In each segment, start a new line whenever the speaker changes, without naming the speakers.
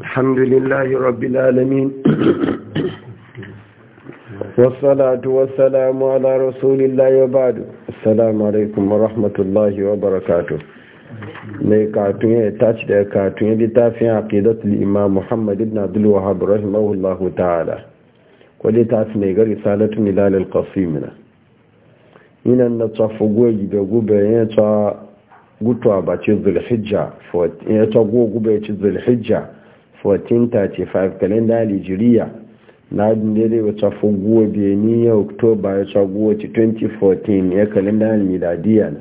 الحمد لله رب العالمين والصلاة والسلام على رسول الله وبعد السلام عليكم ورحمة الله وبركاته mai ya tashi daga katun littafin littafin aqidatul imam muhammad ibn abdul wahhab rahimahullahu ta'ala ko littafin mai ga salatu milal al-qasim na ina na tsafu goyi da gube ya ta gutuwa ba ce zulhijja ya ta go gube 1435 kalenda alijiria na dindere wata foguwa biyani ya oktoba ya caguwa 2014 ya kalenda miladiya na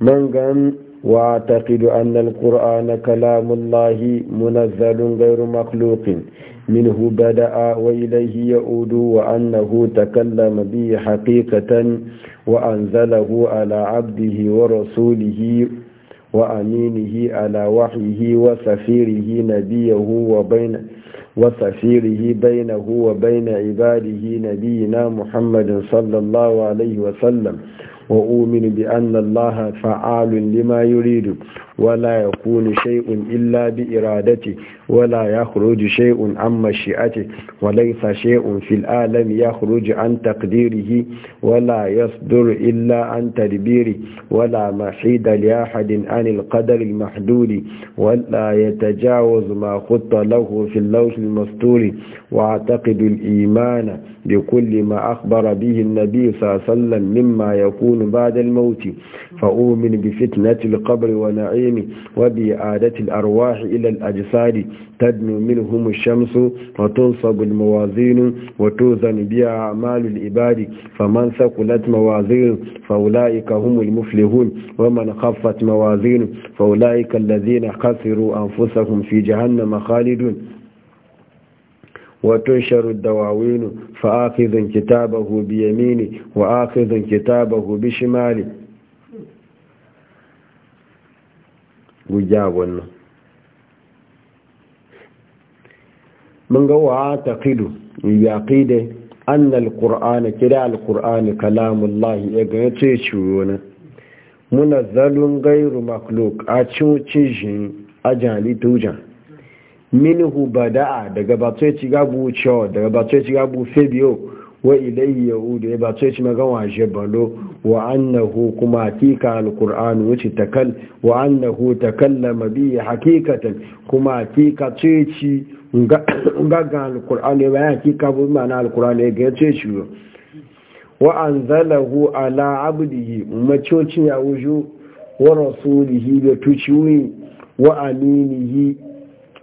mangan wa taqidu anna alqur'ana kalamullahi munazzalun ghayru makhluqin minhu bada'a wa ilayhi ya'udu wa annahu takallama bihi haqiqatan wa anzalahu ala abdihi wa rasulihi وأمينه على وحيه وسفيره نبيه وبين وسفيره بينه وبين عباده نبينا محمد صلى الله عليه وسلم وأؤمن بأن الله فعال لما يريد ولا يكون شيء إلا بإرادته ولا يخرج شيء عن مشيئته وليس شيء في العالم يخرج عن تقديره ولا يصدر إلا عن تدبيره ولا محيد لأحد عن القدر المحدود ولا يتجاوز ما خط له في اللوح المستور واعتقد الإيمان بكل ما أخبر به النبي صلى الله عليه وسلم مما يكون بعد الموت فأؤمن بفتنة القبر ونعيم التعليم وبإعادة الأرواح إلى الأجساد تدنو منهم الشمس وتنصب الموازين وتوزن بها أعمال العباد فمن ثقلت موازين فأولئك هم المفلحون ومن خفت موازين فأولئك الذين خسروا أنفسهم في جهنم خالدون وتنشر الدواوين فآخذ كتابه بيمينه وآخذ كتابه بشماله guja wannan mun ga wa taqidu ya qide anna alqur'ana kira kalamun kalamullah ya ga ce ciwona munazzalun ghairu makhluq a cuci shi ajali tujan minhu bada'a daga batsoci gabu cho daga batsoci gabu febio wa ilayhi yahudu ya ba ce shi magawa shi balo wa annahu kuma hakika alkur'an wuce takal wa annahu takallama bi hakikatan kuma hakika ce ga gaga alkur'an ya bayan hakika bu ma'ana alkur'an ya ga ce shi wa anzalahu ala abdihi macocin ya wuju wa rasulihi da tuciwi wa aminihi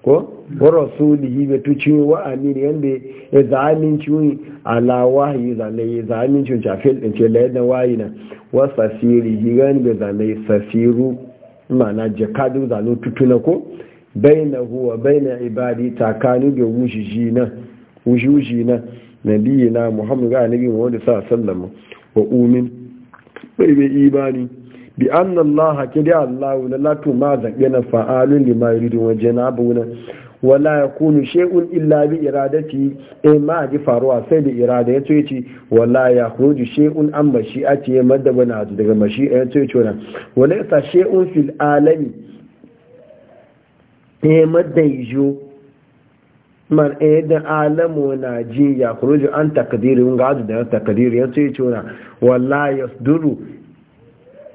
ko wa rasulihi be tuci wa amin yanda e ya zamin ciwi ala wahyi zalai ya e zamin ciwi jafil ɗin ce laye da wayi na wa safirihi gani be zalai safiru ma'ana jakadu zalo tutuna ko Bai na huwa bai na ibadi takanu da wujiji na wujiji na nabiyina muhammad ga nabi muhammad sallallahu alaihi sallama wa umin bai bai ibani bi anna Allah hakida Allah la latu ma zabe na fa'alun lima yuridu wajena na. wala ya kunu shekun illa bi iradati e ma ji faruwa sai da irada ya ce wala ya kunu shekun an mashi a ce madda wani azu daga mashi ya ce ci wani wala ya sa shekun fil alami e madda yi jo man e da alamu na ji ya kunu an takadirin ga azu da takadirin ya ce ci wani wala ya duru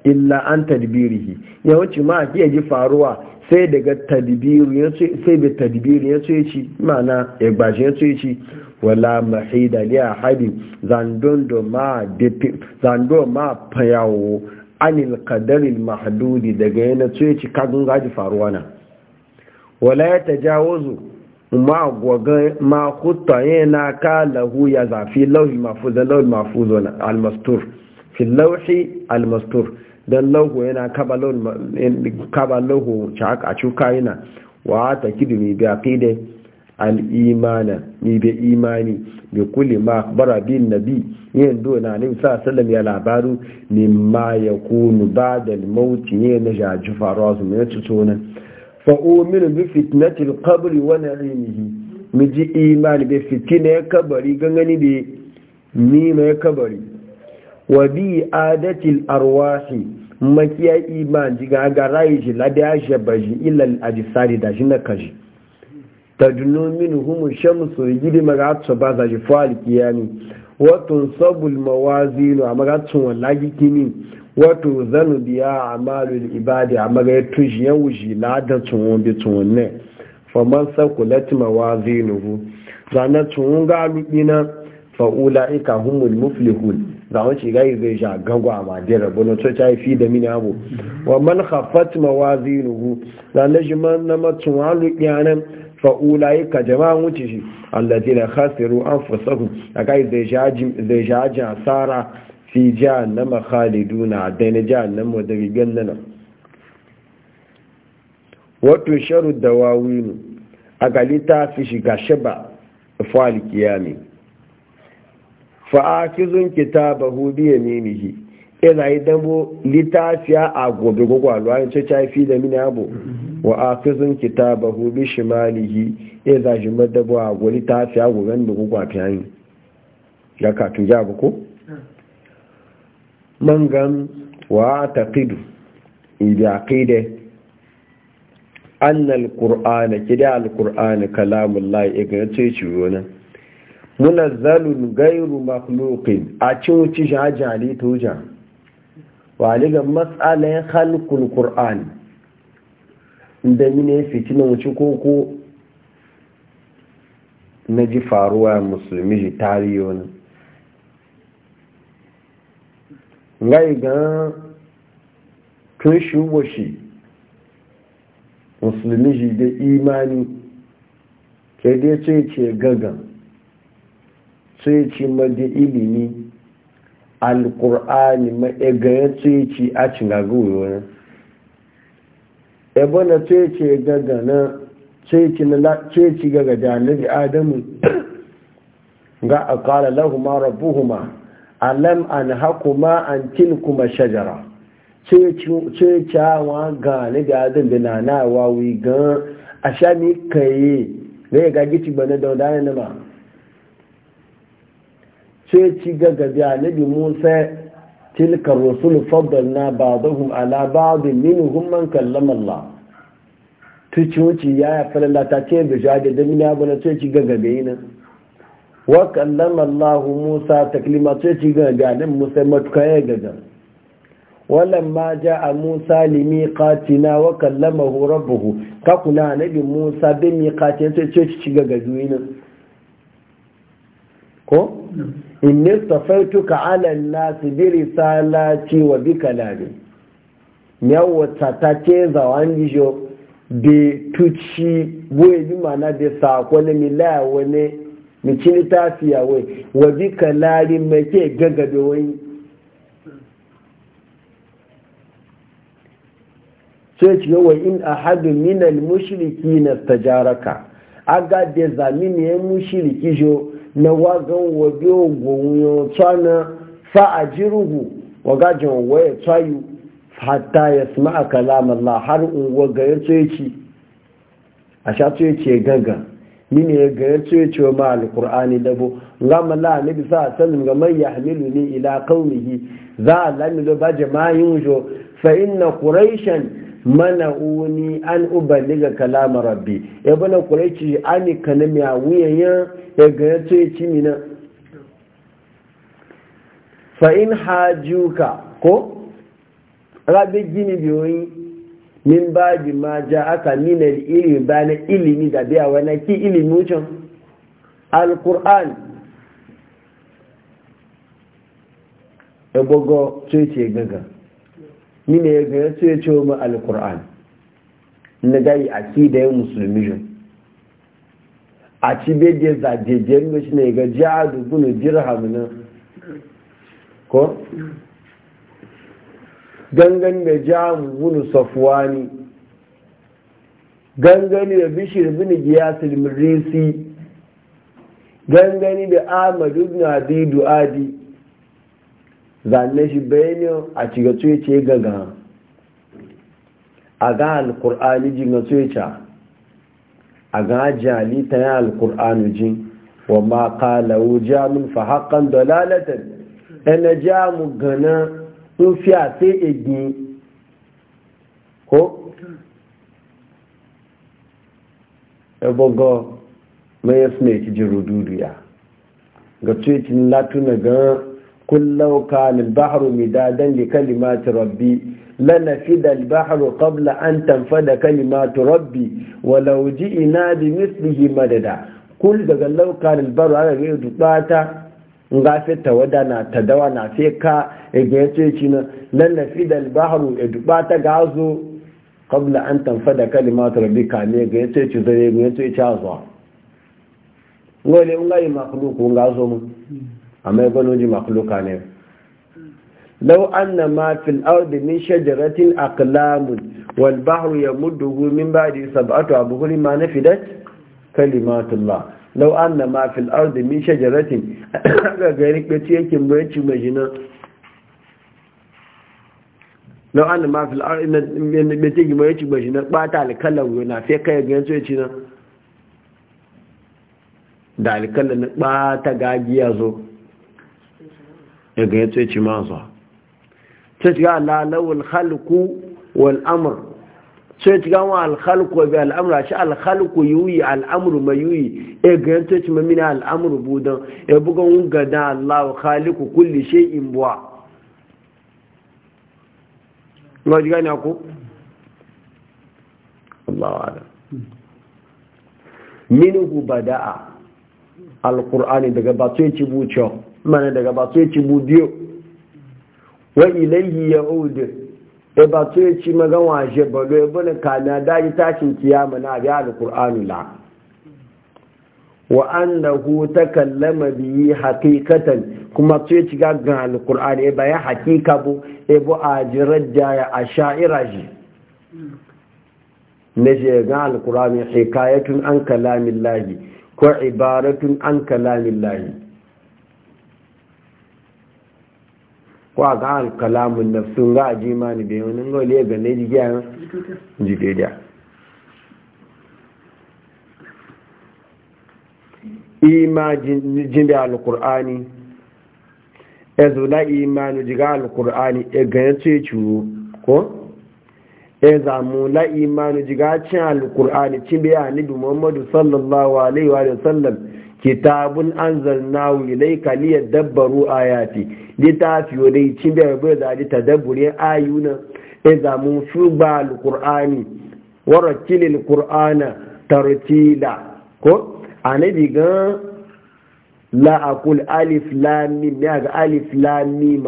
illa an tadbirihi yawanci ma a ji faruwa sai daga tadbiru ya ce sai bi tadbiru ya ce ci mana ya gbaje ya ce ci wala mahida li ahadi zandondo ma de zando ma payawo anil al mahdudi daga yana ce ka kagun ji faruwa na wala ya tajawuzu ma gwaga ma khutta yana ka lahu ya zafi lawhi mafuz lawhi mafuz al mastur fi lawhi al mastur dan lauhu yana kaba lauhu a cuka yana wa ta kidu mai biya kide al'imana ni bi imani bi kulli ma bara bi nabi yin na ne sa sallam ya labaru mimma yakunu ya al ba da mauti ne na jaji faruwa su mai tuto fa uminu bi al-qabr wa na'imihi mi ji imani bi fitina kabari gangani bi ni mai kabari wa bi adatil arwahi makiya iman jiga ga rayi shi ladiya shi baji ilal ajisari da shi na kaji tadunu minhum shamsu yidi magatsu baza ji fal kiyami wa tunsabul mawazin wa magatsu wallahi kini wa zanu biya amalul ibadi amaga tushi ya wuji ladan tun bi tun ne faman sakulat mawazinuhu zanatun ga na fa ulaika humul muflihun zawon ci gai zai sha gagwa ma da rabu na coci fi da mini abu wa man khafat mawazinuhu zanda shi man na matsun halu yanan fa'ula yi ka jama'a wuce shi allazi na khasiru an fasahu a gai zai sha ajin asara fi jahannama khaliduna daina jahannama da rigen nan wato sharu dawawinu a galita fi shiga shaba fa'al alkiyami fa'akizun kitabahu bi yaminihi ina e yi dambo litafiya a gobe gwagwalo an ce caifi da mini abu wa akizun kitabahu bi shimalihi e ina shi madabu a gobe litafiya goben da gugu a hanyi ya katun ya buku mangan wa taqidu ibi aqide annal qur'ana kida al kalamun la'i kalamullahi igna e ce ciwo nan munazzalun gairu makhluqin a cin wuce jajali hajji halitta wuce waligan matsalayin halkul ƙur'an da mine fitina wuce koko na ji faruwa musulmi shi tariyo ne gaigan tun shugo shi musulmi da imani ke dai ce ce gagan sai ce madi ilimi alkur'ani ma egaye sai ci a cinaga wuyona ebe na e sai e gaga na sai ce gaga janibi adamu ga a kala lahuma rabuhuma alam an hakuma an kuma shajara sai awa ga nabi da da na na wawi a sha mi kaye zai ga gici bane da wadannan ma ce ci gaga da nabi musa tilka rusul faddalna ba'dahum ala ba'd minhum man kallama Allah tuci wuci ya ya falalla ta ce da jade da mina bana ce ci gaga da ne. wa kallama Allah musa taklima ce ci gaga da nabi musa matuka ya gaga walamma ja'a musa limiqatina wa kallamahu rabbuhu ka kuna bi musa bi miqatin sai ci gaga da ne, ko hmm. inni tafaituka ala nasi bi risalati wa bi kalami yawo tsatace zawan jo de tuci boye bi mana de sako ne laya wani micini fiya wai wa bi kalami mai ke gagabe wani sai ci yawa in a hadu minal mushriki na tajaraka aga de zamini ya mushriki jo na wagan wabe gwonyo tsana fa jirugu wagajin waye tsayu hatta ya sami a kalamar la har unguwa ga ya tsoyeci a sha tsoyeci ya ganga mini ya ga ya tsoyeci wa ma alkur'ani dabo gama la ne bisa a sanin ga mai ya hamilu ne ila kaunihi za a lamilo ba jama'in wujo fa na quraishan mana'uni an ubaliga kalama rabbi ya bana kureci ani kanami a wuyayen ya gaya to ya ci mina fa'in hajjuka ko rabi gini biyoyi min ba ji ma ja aka nina ilimi bana ilimi da biya wani ki ilimi wucin al-qur'an ya to ya ce ni ya gaya su ya ce wa alkur'an na gayi a ki da yin musulmi jin a ci bai da zajejen da shi ne ga jiya dubunu dirham na ko gangan da jiya bunu safuwani gangani da bishir bin giyasul mirisi gangani da ahmadu na abi du'adi zane shi bayani a ciga tsoyace gaga a ga alkur'ani jin ga tsoyace a ga jali ta yi alkur'ani jin wa ma kalawo jamun fahakan dalalatan yana jamu gana in fiya sai igi e ko? ebogo mai yasna ya jiru duniya ga tsoyacin latuna gan كلو كان البحر مدادا لكلمات ربي لنفد البحر قبل أن تنفد كلمات ربي ولو جئنا بمثله مددا كل daga لو كان البحر على غير دقاتا nga fi tawada na tadawa na fi ka ga yace ci na lanafi da albaharu e dubata gazo qabla an tanfada kalimatu ka ne ga yace ci zare ga yace ci azwa ngole ungai makhluq ngazo mun amma ya gano ji makhluka ne law anna ma fil ardi min shajaratin aqlamun wal bahru yamudduhu min ba'di sab'ati abhur ma nafidat kalimatullah law anna ma fil ardi min shajaratin ga gari kwaci yake mbaci majina law anna ma fil ardi min beti mbaci majina bata alkalan na fe kai ga yanzu yaci na da alkalan ba ta gagiya zo daga ya ce ci masu ce ci gawa lalawar halku wal amur sai ci gama alhalko bi al’amur a shi alhalko yuyi al'amuru mai yuyi e ga ce ci mamina al'amuru budan e buga gada allawa haliku kulle shi in buwa minuhu bada'a al-qur'ani bada'a daga ba sai ci bucho mana daga ba su yaci budiyo wa ilayhi ya'ud e ba su yaci magan balo e bane kana da yi tashin kiyama na bi alqur'anu la wa annahu takallama bihi haqiqatan kuma su yaci ga ga alqur'ani e bayan haqiqa bu e bu ajirar da ya asha'ira shi na je ga alqur'ani hikayatun an kalamin lahi ko ibaratun an kalamin lahi wa ga al kalamun sun ga ni be wani ga le ga ne jiya jike da ima jinde al qur'ani ezula imanu jiga al qur'ani e ga yace ciwo ko e zamu la imanu jiga cin al qur'ani ni biya ni muhammadu sallallahu alaihi wa sallam kitabun anzalnahu ilayka liyadabbaru ayati litafi wadai cin da bai da ji tadabbure ayuna idza zamu shuba alqur'ani warattilil qur'ana tartila ko anabi ga la aqul alif lam mim ya alif lam mim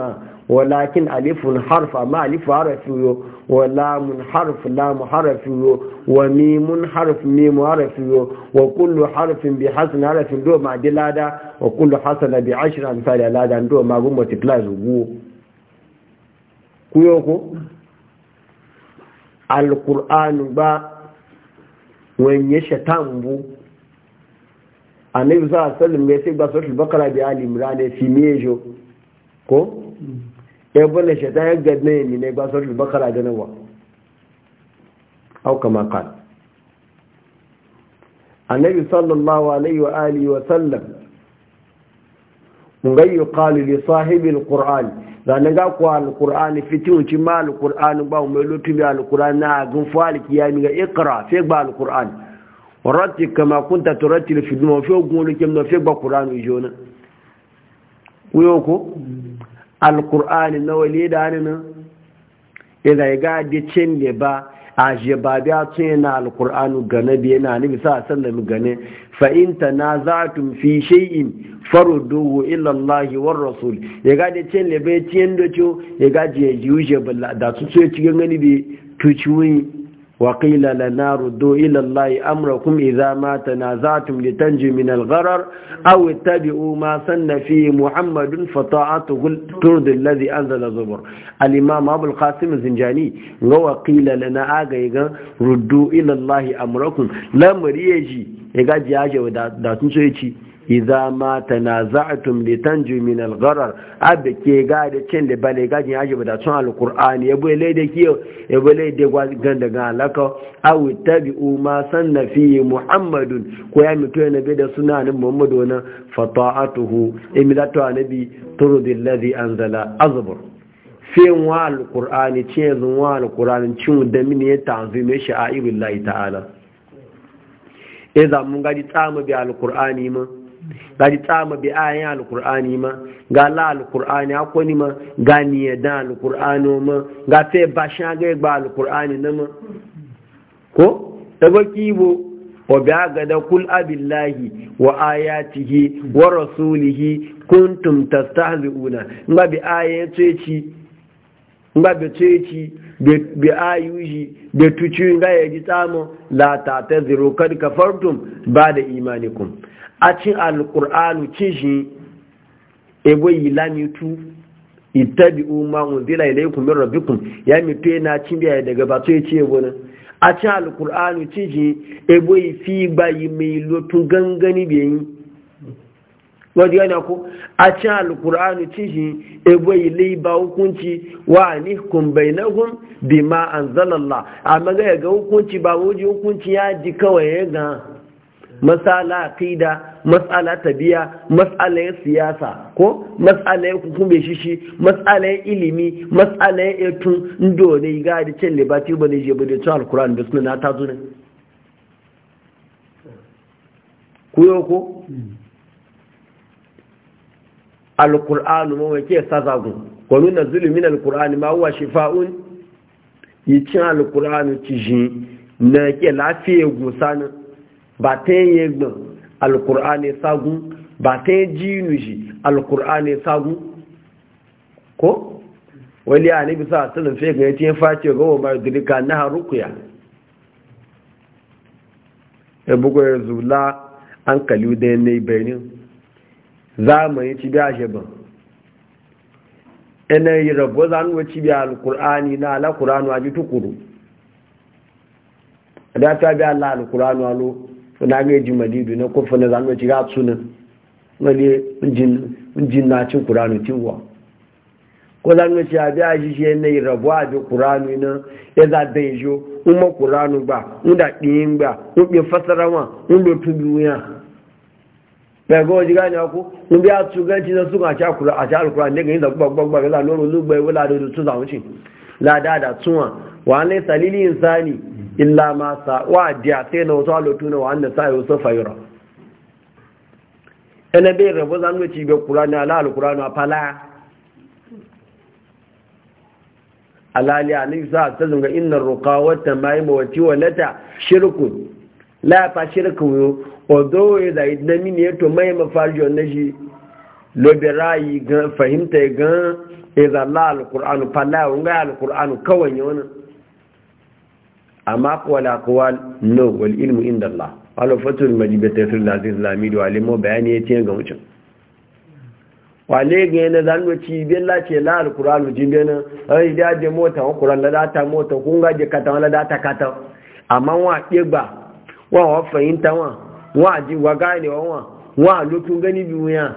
walakin alifun harf amma alifu harafi yo wa lamun harf lamu harafi yo wa mimun harf mimu harafi yo wa kullu harfin bi hasan harafin do ma dilada wa kullu hasana bi ashra misali alada do ma gun multiply zugu kuyo ko alqur'an ba wanye shaitan bu annabi sallallahu alaihi wasallam ya ce ba suratul baqara bi ali imran fi mejo ko ya bane shi ta yagga na yi ne ba sauran bakara da nawa auka makal annabi sallallahu alaihi wa alihi wa sallam ngai yuqalu li sahibi alquran da ne ga ku alquran fitin ci ma alquran ba mu lutu bi alquran na gun fali kiyami ga iqra fi ba alquran warati kama kunta turattil fi dum fi gun lukem no fi ba alquran jona uyo ko alkur'ani na wale da hannun ila ya ga dicin ne ba a jebabi a tun yana alkur'anu gane biye na nabi sa mu gane fa'inta na za tun fi shay'in faru dogo illallahi war rasul ya ga dicin ne bai ciyen da ciyo ya ga jiye jiyu da su ya cikin gani bai tuciwuyi وقيل لنا ردوا إلى الله أمركم إذا ما تنازعتم لتنجي من الغرر أو اتبعوا ما سن فيه محمد فطاعته ترد الذي أنزل الزبر الإمام أبو القاسم الزنجاني وقيل لنا آقا ردوا إلى الله أمركم لم يجي يجي يجي وداتن سيتي iza ma tanaza'tum litanju min al-gharar abe ke ga da cin da bale ga jin ba da tun al-qur'ani ya bule da kiyo ya bule da ganda ga alaka aw tabi'u ma sanna fi muhammadun ko ya mutu ne be da sunanin muhammadu na fata'atuhu imilatu anabi turdi alladhi anzala azbur fin wa al-qur'ani cin zun wa al-qur'ani cin da min ya tanzu sha'irullahi ta'ala idan ta'ala gadi tsamu bi al-qur'ani mun gaji tsama bi ayan alkur'ani ma ga la alkur'ani akoni ma ga niyadan alkur'ani ma ga fe bashan ga gba alkur'ani na ma ko daga kibo wa bi agada kul abillahi wa ayatihi wa rasulihi kuntum tastahzi'una ma bi ayan nga be ceci be ayuji be tuci nga ya ji la ta ta ziro ka kafartum ba da imanikum a cin alkur'anu ci shi ebo yi lamitu ittabi'u ma unzila ilaykum min rabbikum ya mitu yana e cin biya daga ba to yace ebo na a cin alkur'anu ci shi ebo yi fi ba yi mai lotun gangani biyayi. wadda yana ku a cin alkur'anu cikin ebo ile ba hukunci wa ni kumbai na hun bi ma an zalalla a magaya ga hukunci ba wuji hukunci ya ji kawai ya ga masala akida masala tabiya matsala siyasa ko matsala hukumbe shishi matsala ilimi matsala etun ndo ne ga da cin libati ba ne je ba da cin alkur'anu da suna na tazo ne ku ko alkur'anu ma wake sazagun wa nuna zulumin alkur'ani ma huwa shifa'un yi cin alkur'anu ci shi na ke lafiya gusanin ba ta yi gbin alkur'ani sagun ba ta yi jinu shi alkur'ani sagun ko wani ya ne bisa asalin fiye ga yake face gawa mai dirika na harukuya ya bugu ya zula an kaliu den ne bayanin zamani ci biya shi ban ina yi rabu zanuwa ci biya alkur'ani na alakur'anu a ji tukuru da ta biya Allah alkur'anu alo na ga ji madidu na kofa na zanuwa ci ga sunan wani jin na cin kur'anu tiwa ko zanuwa ci a biya shi shi yana yi rabu a ji kur'anu na ya zaɗa yi jo in ma kur'anu ba in da ɗiyin ba in ɓin fasarawa in lotun duniya pẹ̀gọ́ òjìká ni ọkú níbi àtúgẹ́ntì náà súnkà àti àlùkùrà nígbà ìzà gbogbogbà rẹ̀ lórí olúgbẹ́ ìwé ládòdò tún àwọn ṣì ládáadáa tún wọn wà ní sàlílì ìsáàlì ìlàmàṣà wà dí àtẹ́nà ọ̀tọ́ àlòtú náà láàpá ṣírìkì wo ọ̀dọ́ ìdá e ìdínamí ni ètò mẹ́yìn mafájọ na shi. lóbìnrin ayé gan fahimta e gan ìzàlá e alukur'anu paláwọ̀ ń gá alukur'anu kawai yau nan amma la, kowa no wal ilmu inda Allah alufatul majibatar sulazin islami da alimo bayani ya ce ga wucin wale ga yana zan wuci biyan lace la alkur'anu jin na. ai da je mota wa kuran ladata mota kun ga je kata ladata kata amma wa ɗe wa wa fahimta wa wa ji wa gane wa wa wa lokun gani bi wuya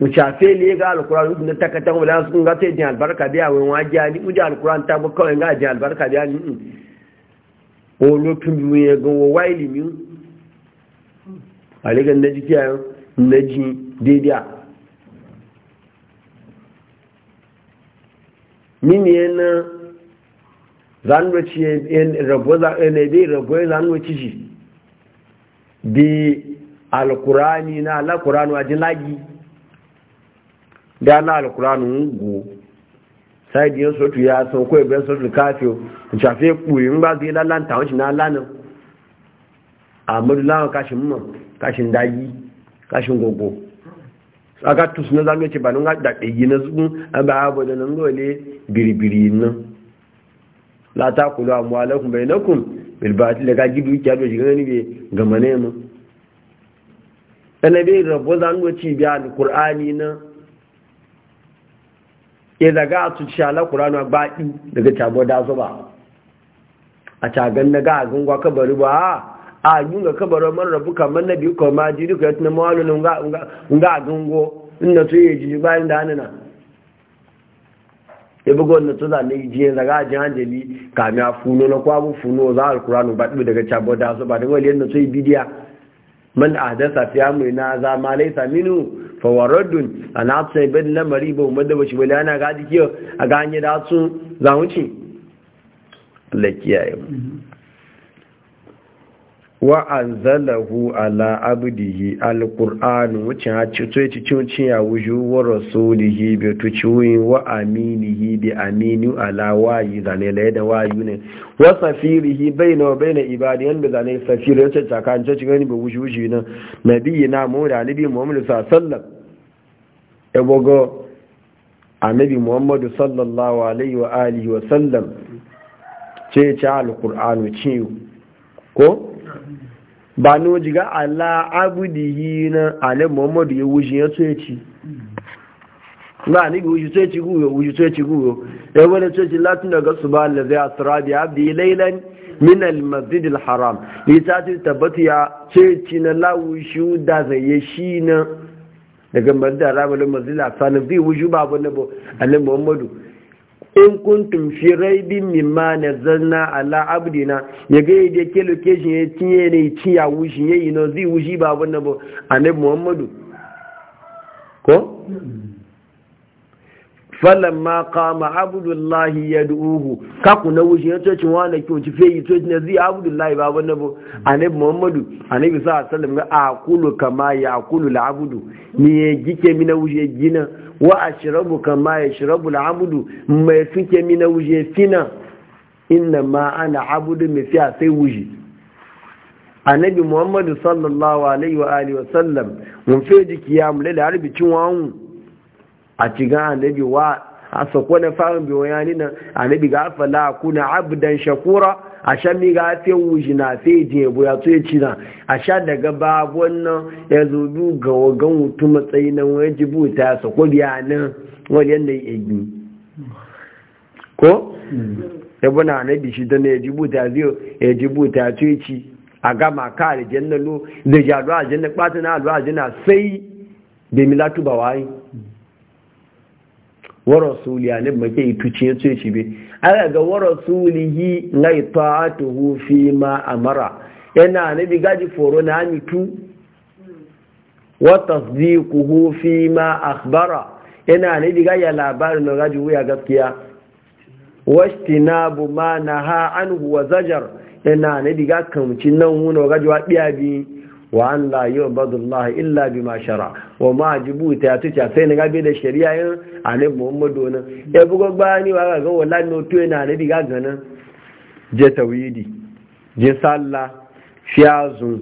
mu chafe ga alquran dun ta kata wala sun ga albarka biya wai wa ji ta ba kawai albarka biya ni o lokun bi wuya ga wa waili mi ale ga naji kiyayo mini yana zanwaci bi alkurani na alkurani a jin lagi da na alkurani go sai da sotu ya san ko ibe sotu kafiyo in shafe kuyi in ba zai lalanta wani na lanin a madulawan kashin mun kashin dagi kashin gogo aka na zamu ce ba nun da dagi na zugun an ba abu da nan dole biribiri na la ta kulu amwalakum bainakum bilbati da kaki dukiya da shi gani be gama nema ɗana bai rabu za nuna ci biya da ƙur'ani na ya zaga a tuci ala ƙur'ani baɗi daga tabo da su ba a cagan na ga a gungwa kabari ba a yi ga kabarin man rabu kamar na biyu kama jiri ka yi tunan mawalo na nga gungo inda su yi jiji bayan da hannuna Ibi na to zane jiye zaga ji hanjali kami a funo na kwabu funo za alkuranu ba daga cabo da su ba da wali yadda su yi bidiya man ahdasa fi na za ma saminu fawaradun fa waraddun ana sai na lamari ba umma da shi wala ana ga dikiyo a ga da su za wuce Allah wa anzalahu ala abdihi alquran wucin ha ci to ci cin cin ya wuju wa rasulihi bi to wa aminihi bi aminu ala wayi zane le da wayu ne wa safirihi baina baina ibadi an bi zane safir ya ce kan ce cin bi wuju wuju ne na mu da nabi muhammad sallallahu alaihi wa sallam a nabi muhammad sallallahu alaihi wa alihi wa sallam ce ce alquran ci ko ba no jiga ala yi na ale muhammadu ya wuji ya tsoyaci ba ni ga wuji tsoyaci guyo wuji tsoyaci guyo ya wani tsoyaci latin daga su ba la zai asira bi abdi lailan min al-masjid al-haram ita ce tabbata ya tsoyaci na lawushi da zaye shi na daga madara balin masjid al-haram zai wuji babu na bo ale muhammadu in kuntum fi raibin mimma nazzalna ala abdina ya ga yadda ke location ya tinye ne tiya wushi yayi no zai wushi ba wannan annabi muhammadu ko ma falamma Abudullahi abdullahi yad'uhu kaku na wuce ya cocin wani ki wuce feyi to ne zai abdullahi ba wani bu annabi muhammadu a annabi sa sallam ga akulu kama ya akulu al'abdu ni ya gike mina wuce gina wa a ashrabu kama ya la Abudu? mai suke mina wuce fina inna ma ana abudu mai fiya sai wuce annabi muhammadu sallallahu alaihi wa alihi wa sallam mun fe jiki mu mulai da harbi cin wawun a cikin annabi wa a sako na farin biyoyani nan annabi ga fala kuna abdan shakura a sha mi ga fe wuji na fe je boya to ya ci na a sha daga babu wannan ya zo du ga wagan mutum matsayi nan wani jibuta ya sako biya nan wani yanda ya yi ko ya bana annabi shi dan ya buta zai ya jibuta to ya ci a gama ka da jannalo da jaru a janna kwata a alwa sai da milatu bawai warasuli rasuli ya nabi make ituce ya ce ci bi aka ga wa yi, la ta'atuhu fi ma amara yana nabi gaji foro na mitu wa tasdiquhu fi ma bara yana nabi ga ya labarin da gaji wuya gaskiya washtinabu ma na ha anhu wa zajar yana nabi ga kamcin nan wuna gaji wa biya biyu wa an la yu'badu Allah illa bi ma shara wa ma jibuta ya tuca sai na gabe da shari'a yin ne Muhammadu nan ya ya gbani wa ga na no to yana ne diga ganin je tawhidi je salla fiyazu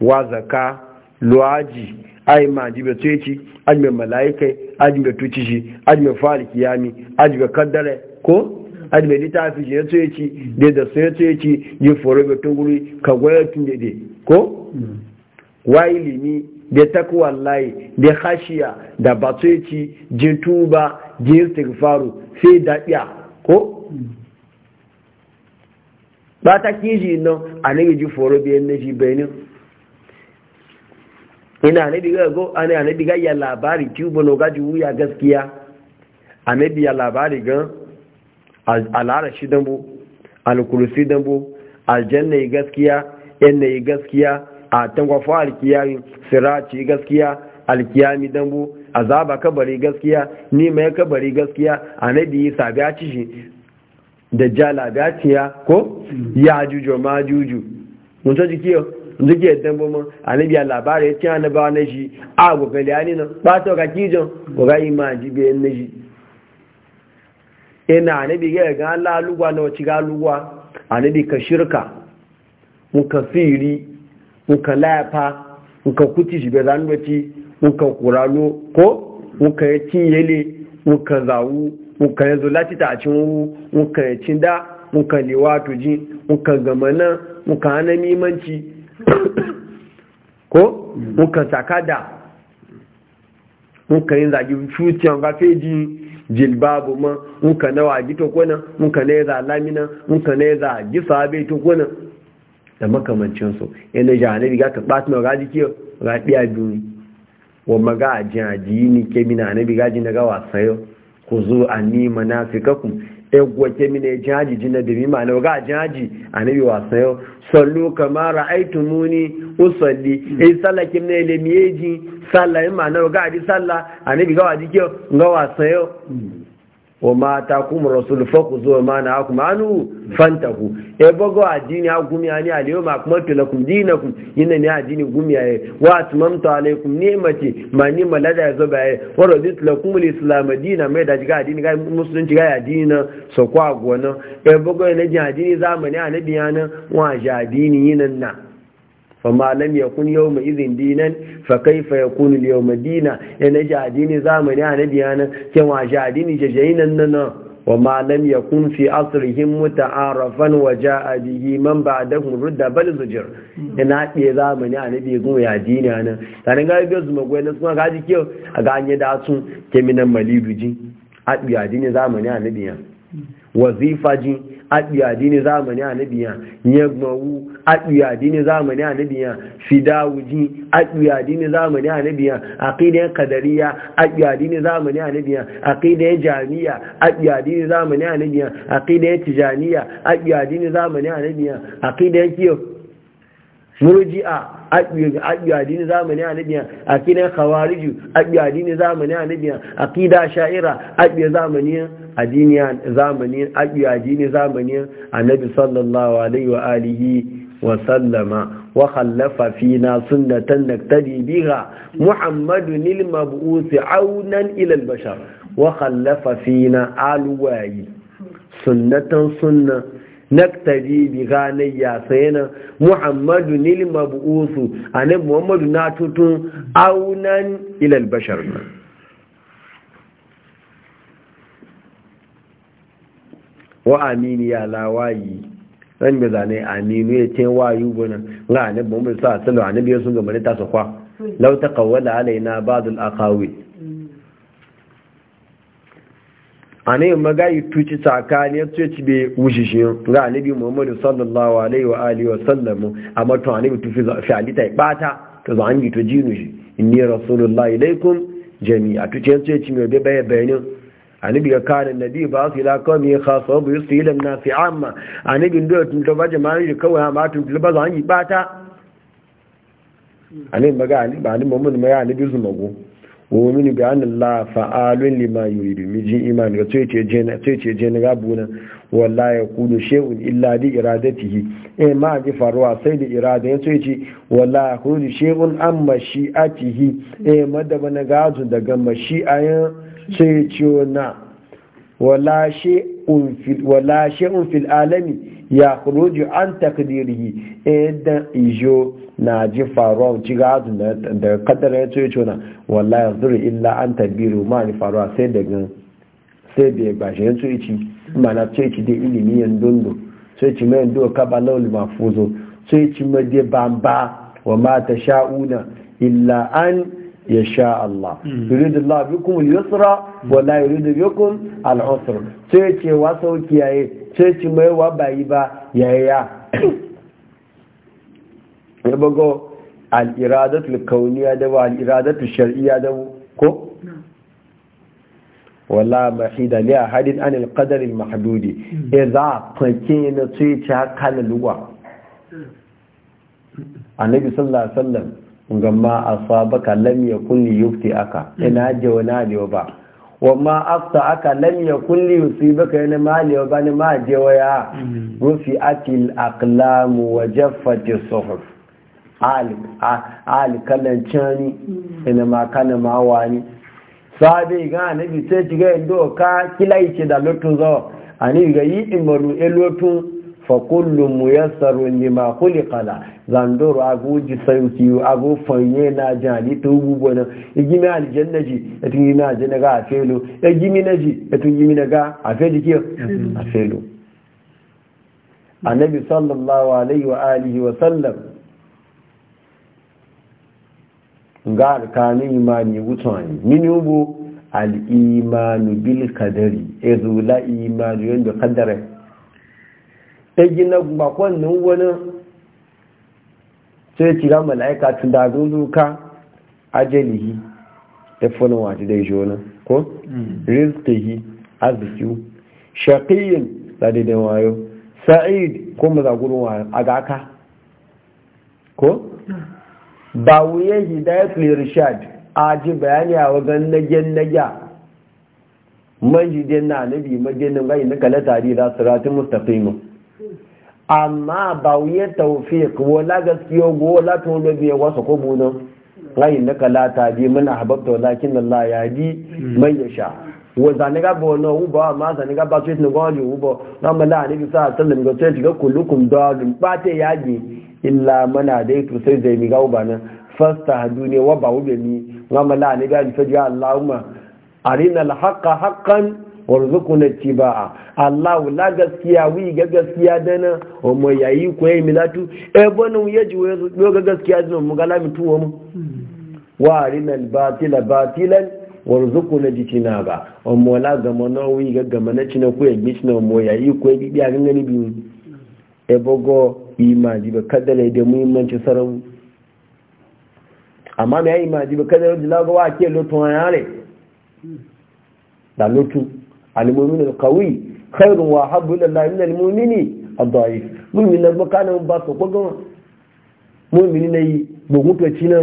wa zaka luwaji ai ma jibe tuci ajme malaikai ajme tuci ajme fari kiyami ajme kaddare ko ajme litafi je tuci da da sai tuci je foro ka tun ko hmm. wa ilimi da takwa layi da hashiya da batoci jin tuba jin istighfaru sai daɗiya ko ba ta kiji nan a nan ji foro biyan na ji benin ina na diga go ana na diga ya labari tuba no gaji wuya gaskiya a na biya labari gan alara shi dambo alkursi dambo aljanna gaskiya yan gaskiya a fa alkiyami siraci gaskiya alkiyami dambu azaba kabari gaskiya ni ya kabari gaskiya annabi isa biya ci shi ci ko hmm. ya juju ma juju mun ta jiki yo jiki yadda dambu mun annabi ya labari ci annaba na shi a go gali ani ba to ga kijon go ga imaji be na shi ina annabi ga ga Allah lugwa na ci ga lugwa annabi ka shirka mun kafiri nka laifa nka kuti shi bezan doci nka kurano ko nka ya yele nka zawu nka ya zo latita a cin wu nka ya cin da nka lewa tuji nka gamana nka hana mimanci ko mm. nka takada nka yin zagi fuciyan ba feji jilbabu ma nka na waji to kona nka na ya za lamina nka na ya za gisa bai to kona da makamancinsu yana jihanabi ga ka ɓata na gaji ke raɗiya biyu wa maga a jin ajiyi ni ke mina anabi gaji na gawa sayo ku zo a ni na fi kakun egwa ke mina ya jihaji ji na dami ma na ga a jihaji anabi wa sayo sallu kama ra'aitu muni usalli e in sallah ke mina ilimi ya ji sallah yi ma na ga a ji sallah ji gawa jike gawa sayo wa ma ta kuma rasul faku zuwa ma na haku manu fanta ku e bago addini ha gumi ani aliyo ma kuma dina dinakum yana ne addini gumi ya wa atmamtu alaikum ni'mati ma ni malada ya zoba ya wa raditu lakum al-islam dina mai da jiga addini ga musulunci ga addini na so kwa gona e bago ne jin addini zamani annabi yana wa jadi addini yinan na wamma lam yakun yawma idhin dinan fa kayfa yakunu al-yawma dina yana eh, ji adini zamani annabi yana kin wa ji adini jajainan nan Wa lam yakun fi asrihim muta'arafan wa ja'a bihi man ba'dahu rudda bal zujr yana eh, bi zamani annabi gun ya dini yana tare ga ga zuma goyi na kuma gaji kiyo ga anya da sun keminan maliduji adbi dini zamani annabi yana wazifa jin aɗiyadi ne zamani a nabiya yagmawu aɗiyadi ne zamani a nabiya fidawuji aɗiyadi ne zamani a nabiya aƙidiyar kadariya aɗiyadi ne zamani a nabiya aƙidiyar jami'a aɗiyadi ne zamani a nabiya aƙidiyar tijaniya aɗiyadi ne zamani a nabiya aƙidiyar kiyo murji'a aƙiya dini zamani a nabiya aƙidan khawariju aƙiya zamani a nabiya aƙida sha'ira aƙiya zamani a dini zamani aƙiya zamani a nabi sallallahu alaihi wa alihi wa sallama wa khallafa fina sunnatan naktadi biha muhammadu lil mab'usi aunan ila al bashar wa khallafa fina alwayi sunnatan sunna naktari bi ganayya sayana muhammadu nil mabusu annabi muhammadu na tutun aunan ilal bashar wa amini ya lawayi ran bi zane aminu ya ce wayu gona ga annabi muhammadu sa sallu anabi sun ga mare ta su law taqawwala alaina ba'd al aqawil a ne magayi tuci tsakani ya ci bai wuce shi ga anabi muhammadu sallallahu alaihi wa alihi wa sallamu a matan anabi tufi fi alita ya bata ta zo an to jinu shi inni rasulullah ilaikum jami'a tuci ya ci mai bai bayan bayanin anabi ya kana nabi ba su ila kawai mai khasa wabu yusu ilan na fi amma anabi ndo ya tuntuba ba jama'a shi kawai ma tuntuba ba zo an yi bata anabi ba ni muhammadu ma ya anabi su mago wominu bi an la fa'alun lima yuridu mijin imani to yace jena to yace jena gabuna ya yaqulu shay'un illa bi iradatihi eh ma ji faruwa sai da irada ya yace yace wallahi yaqulu shay'un amma shi'atihi eh madaba na gazu daga mashi'ayan sai yace na wala shay'un fil wala fil alami ya khuruju an taqdirihi eh da ijo na ji faruwa ci gadu da kadar ya tsoye cona wallahi yanzu illa an tabiru ma ni faruwa sai gan sai da ba shi yanzu ici ma na tsoye ci dai ilimi yan dondo sai ci mai ndo ka ba lawul mafuzo sai ci mai dai bamba wa ma ta sha'una illa an ya sha Allah hmm. yuridu Allah bikum al-yusra wa la yuridu bikum al-usra sai ce wa sauki yayi sai ci mai wa bayi ba yaya ya bago al'iradatu kauniya da ba al'iradatu shari'a da ko? wala mafi mahida li ahadin an alqadar almahdudi idza hmm. fakina tuita kalluwa hmm. annabi sallallahu alaihi wasallam ngamma asabaka lam yakun li yufti aka hmm. ina jawana ne ba wamma afta aka lam yakun li yusibaka yana mali ba, bani ma jawaya rufi atil aqlam wa jaffati suhuf alikalan cani ina makana mawa ne sabe ga anabi sai ci ga indo ka kilaice da lotun zo ani ga yi imaru e lotun fa kullu muyassaru lima khuliqa la zandoro abu ji sauki abu fanye na jani to bubo na igimi e aljanna ji etin yimi aljanna ga afelo igimi e na ji etin yi na ga afeli ki mm-hmm. afelo annabi sallallahu alaihi wa alihi wa sallam ga alkanin imani wutan mini ubu al'imanu bil kadari ezula imanu yadda kadare ta gina nan wani sai kira mala'ika tun dagun zuka ajalihi ta e funan wata dai ko mm. rizkihi arzikiyu shaƙiyin ladidan wayo sa'id ko mazagurin mm. wayo a gaka ko ba wuye hidayatul irshad a ji bayani a wajen nagen nagya man jiden na nabi majinin bai na kala tari da suratun mustaqim amma ba wuye tawfiq wala gaskiyo go wala to wasu ko rai na kala tari mun ahbabta lakin Allah ya ji man yasha wa zaniga bo no u ba ma zaniga ba ce ne gwaji u ba na mala ne bi sa sallam ga ce ga kullukum dalun ba te yaji illa mana dai to sai zai mi ga u na. nan fasta hadune wa ba u be ni na mala ne ga ji fa Allahumma arina al-haqqa haqqan warzuquna tibaa Allah la gaskiya wi ga gaskiya dana o mo yayi ko yi milatu e bonu yaji we ga gaskiya dana mu ga lamitu wa mu hmm. wa arina al-batila batilan warzuku na jitina ba on mola gama na wi ga gama na cina ku yagi cina mo ya yi ko yagi biya gangani biyu e bogo imaji ba kadala da muhimmanci sarau amma me imaji ba kadala da lagowa ake lotun yare da lotu al-mu'min al-qawi khairun wa habbu ila Allah min al-mu'mini ad-da'if mu'min na bakana ba ko gama mu'mini ne yi bugun to cina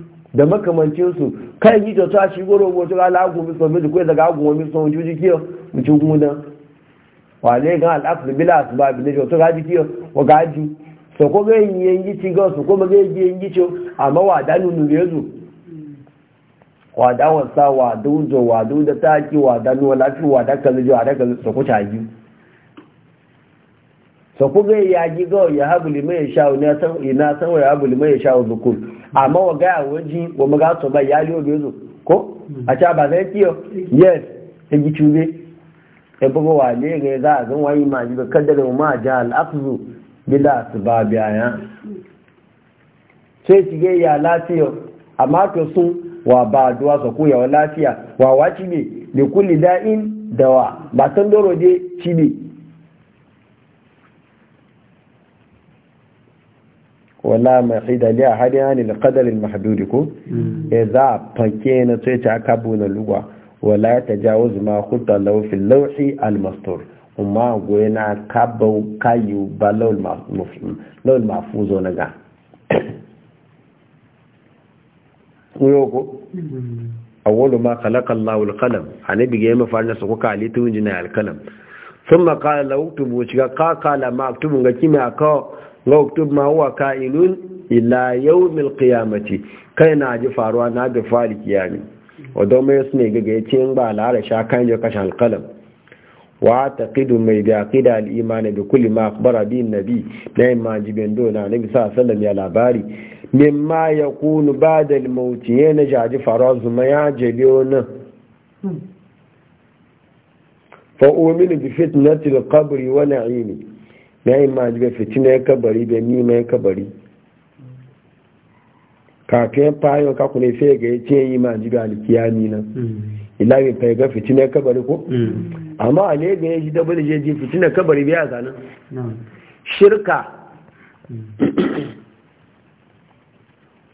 da makamancinsu kan yi ta shi goro wato ga lagu mi somi ko daga agun mi son juji kiyo mu ci guna Wane ga al aqd bila asbab ne to ga ji kiyo wa ga ji so ko ga yin yi ci ga so ko ga yin yi ci amma wa da nunu yezu wa da wasa wa dujo wa du da taki wa da nu lafi wa da kan wa da so ko ta so kuga ya ji ga ya habu liman ya sha ne san ina san ya habu liman ya sha zukur amma wa ga waji wa maga to ba ya liyo bezo ko a ta ba zai kiyo yes ta gi tube e bugo wa ne ga za a zan wayi ma ji mu ma ja al aqzu bila asbab ya sai tige ya lafiyo amma to sun wa ba duwa su koya wa lafiya wa waci ne da kulli da'in dawa ba san doro je cibi wala mai hidali har hadin hannun kadarin mahaduri ko ya za a fanke na tsoye ta aka na lugwa wala ya ta jawo zuma kuta laufin al almastor umma goyi na kabau kayu ba laul mafuzo na ga a wolo ma khalaqa Allahu al-qalam annabi ga ma farin su ka ali tun jina al sun thumma qala law tubu ka kala ma tubu ga a kawo. waktub ma huwa ka'inun ila yawmil qiyamati kai na ji faruwa na ga fali kiyami don mai sune ga ga yace in ba lara sha kan je kashe alqalam wa taqidu mai da aqida al iman bi kulli ma akhbara bi nabi dai ma ji do na nabi sallallahu alaihi wasallam ya labari mimma yakunu ba'da al maut yana ji faruwa zuma ya je biyo nan fa uminu bi fitnati al qabri wa na'imi ya yi ma jibe fitina ya kabari bai nima ya kabari kafin fayon kaku ne sai ga yace yi ma jibe alikiyami nan ilamin mm. fa ga fitina ya kabari ko mm. amma a ne ga ya ji dabar je ji fitina kabari biya a nan shirka mm.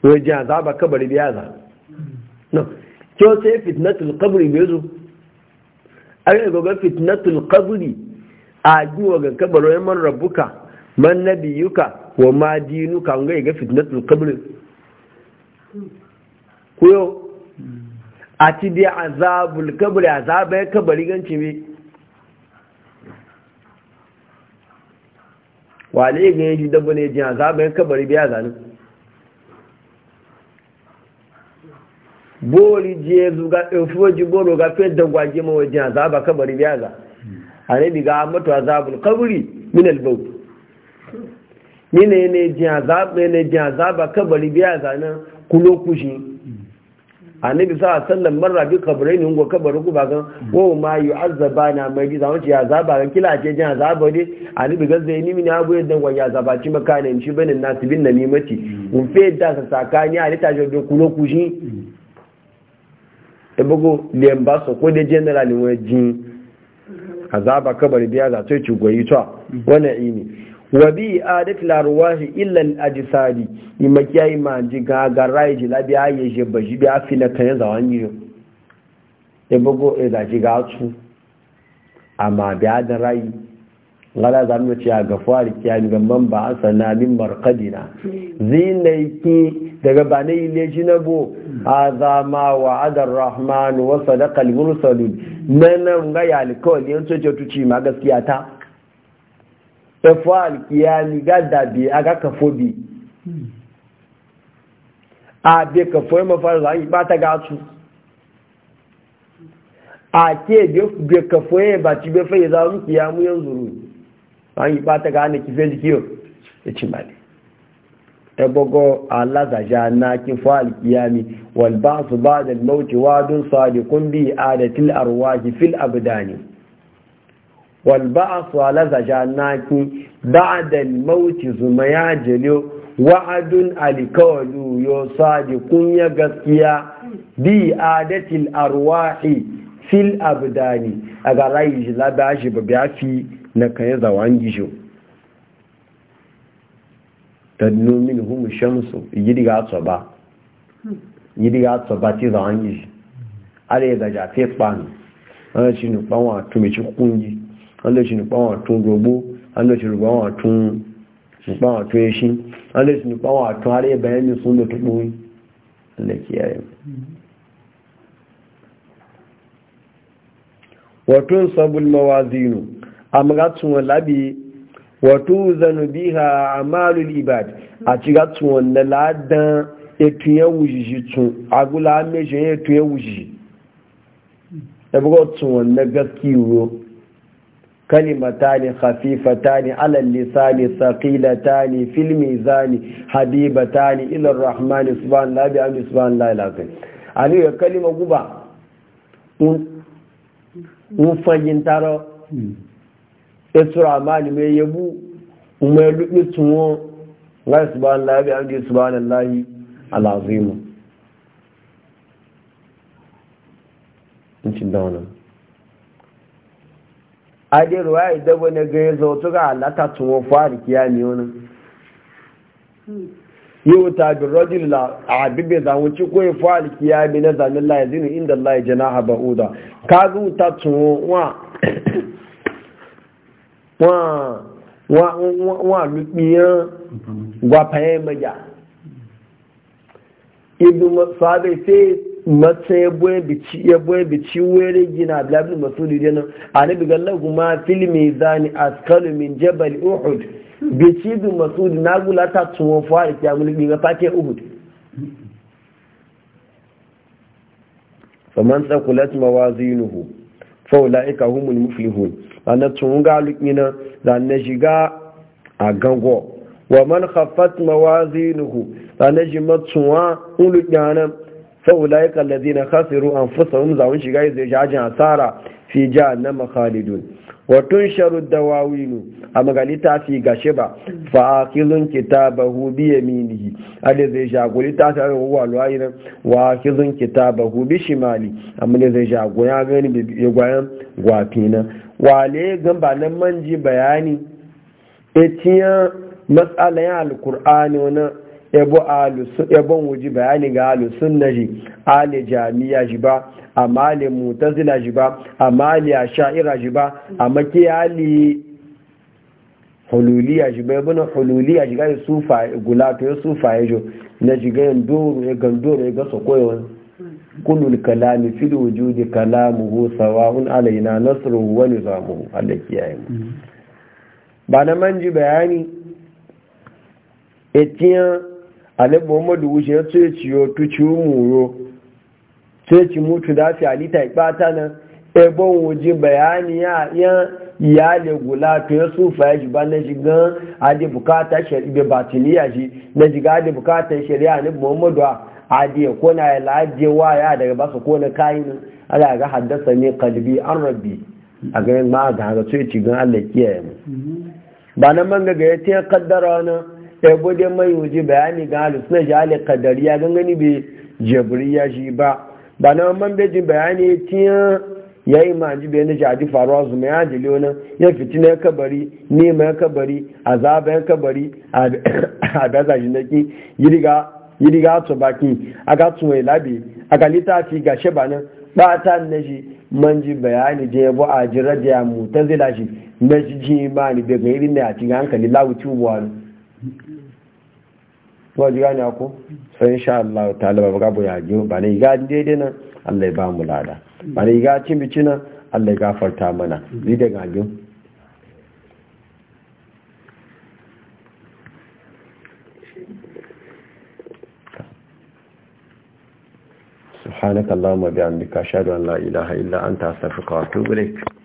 wajen azaba kabari biya a no kyau sai fitnatul kabari bai zo a yi ga fitnatul kabari a duwa ga kabarin man rabuka man nabiyuka wa ma dinuka ga ga fitnatul qabr kuyo a ti dai azabul kabri azabai kabari ganci me wale ga yaji dabba ne jin azabai kabari biya zanin bori je zuga efuwa ji boro ga fiye da gwaje mawajin azaba kabari biya zanin annabi ga mato azabul qabri min al-bawl mine ne jin azab ne ji jin azaba kabari biya zanan kulo kushi annabi sa sallan marra bi kabarai ne ngo kabaru ku bagan wo ma yu'azzaba na mai ji zaman ci azaba ga kila ce jin azaba ne annabi ga zai ni mini abu yadda wa azaba ci maka ne shi bane nasu bin namimati mun fe da sa sakani a ta jodo kulo kushi e bugo lemba so ko de general ni wajin azaba kabari biya za ta ci goyi ta wani ini wa bi adat larwahi illan al yi makiya yi ma ji gagara yi jila biya yi aye je baji biya afina kan za wan yi e bogo e da ji ga su amma biya da rayu Gada za mu ci ga fari kiyami ga man ba asana min marqadina ki daga banai le jinabo hadha ma wa'ada adar rahman wa sadaqa al-mursalun nan ga ya alkawli yan soje tuci ma gaskiya ta ta e fari ni ga a aga kafobi a be ma mafar zai ba ta su a ke be kafoi ba ci be fa za mu kiyamu yanzu an yi bata ga ana kife jiki yau ya ci mali ebogo alazaja na kifa alkiyami wal ba'su ba'da al-maut wadun sadiqun bi adatil arwahi fil abdani wal ba'su alazaja na ki da al Zuma ya jalo wa'adun alkawalu yo sadiqun ya gaskiya bi adatil arwahi fil a abdani aga rayi labashi babiafi na kaya zawan gisho ta nomin hum shamsu yidiga tsoba yidiga ba ti zawan gisho a da ja fe pan an shi nufan wa tun mai chi kungi an da shi nufan wa tun robo an da shi nu wa tun nufan wa tun yashi an da shi nufan wa tun are bayan ni sun da tubu da kiyaye wa tun sabul mawazinu amma ga tun labi wato zanubiha amalul ibad a ci ga tun wanda ladan etu ya wujiji tun agula mejin etu ya wujiji da buga tun wanda gaski ro kalimatani khafifatani ala lisani thaqilatani fil mizani habibatani ila arrahmani labi, bi amri subhanallahi alazim ani ya kalima guba un un yatura amani mai yabu mai lubi tuwo ga subhanallahi bi amdi subhanallahi alazim incin da wannan ade ruwaya da wani ga ya zo to ga Allah ta tuwo fari kiya ne wannan hmm. yau ta bi rajul la abibe na inda Allah ka ta tuwo wa wọ́n àlùpìyàn gbapẹ̀ mẹ́jà ibi sahabai sai matsayin yabuwa bici were gina abdullahi masudi dina a nabi gallar kuma filmi zani askalu min uhud bici masudi na gula fara fa'ula'ika humul muflihun ana tunga lukina da na shiga a gango wa man khaffat mawazinuhu da na shi matsuwa ulukana fa'ula'ika allazina khasiru anfusahum zawun shiga zai jajin asara watun sharu dawawinu a magalita fi gashe ba fa'akilun kitabahu bi yaminihi ade zai jagori ta tare wa alwayin wa akilun kitabahu bi shimali amma ne zai jagori ya gani bi gwayan gwafina wale gan ba nan manji bayani etiyan matsalayan alkur'ani wani ebon wuji bayani ga alu sunna ji ali jami'a ji ba amma ali mutazila ji ba amma ali sha'ira ji ba amma ke ali hululiya ji ba ebon hululiya ji gari sufa gulato ya sufa ya jo na ji ga yan doro ya gandoro doro ya ga sokoyo wani kullul kalami fil wujudi kalamuhu sawa'un alaina nasruhu wa nizamuhu Allah kiyaye mu mm-hmm. ba na manji bayani etiyan alẹ́ muhammadu wuce ya tsoye ciyo tuci muro tsoye ci mutu da fi alita ipata nan ebon waje bayani ya yan iyali gula to ya sufa ya shi ba na shigan adi bukata shari'a batiniya shi na shiga adi bukata shari'a ne muhammadu adi ko na ya laje waya daga ba su kona kayan ala ga haddasa ne kalbi an rabbi a ga ma ga ga tsoye ci gan Allah kiyaye mu mm-hmm. ba na man ga ya ta kaddara na ebo dai mai wuji bayani ga alu suna ji kadari ya gangani bai jabriya shi ba ba na man bejin bayani tiyan ya yi ma ji bayani jadi faruwa su mai ajili wani ya fiti na kabari nema ya kabari azaba ya kabari a gaza shi na ki yi riga to baki a ga tuwa ya labi a ga littafi ga ba nan ba ta na shi man ji bayani je yabo a jirar da ya mu ta zila shi na shi ji ma ni daga irin da ya ci hankali lawuci wani ba ji gane So in sha Allah ta'ala ba ga boya ji ba ne ga daidai nan Allah ya ba mu lada ba ne ga cin bici nan Allah ya gafarta mana ni da gajin سبحانك اللهم وبحمدك اشهد ان لا اله الا انت استغفرك واتوب اليك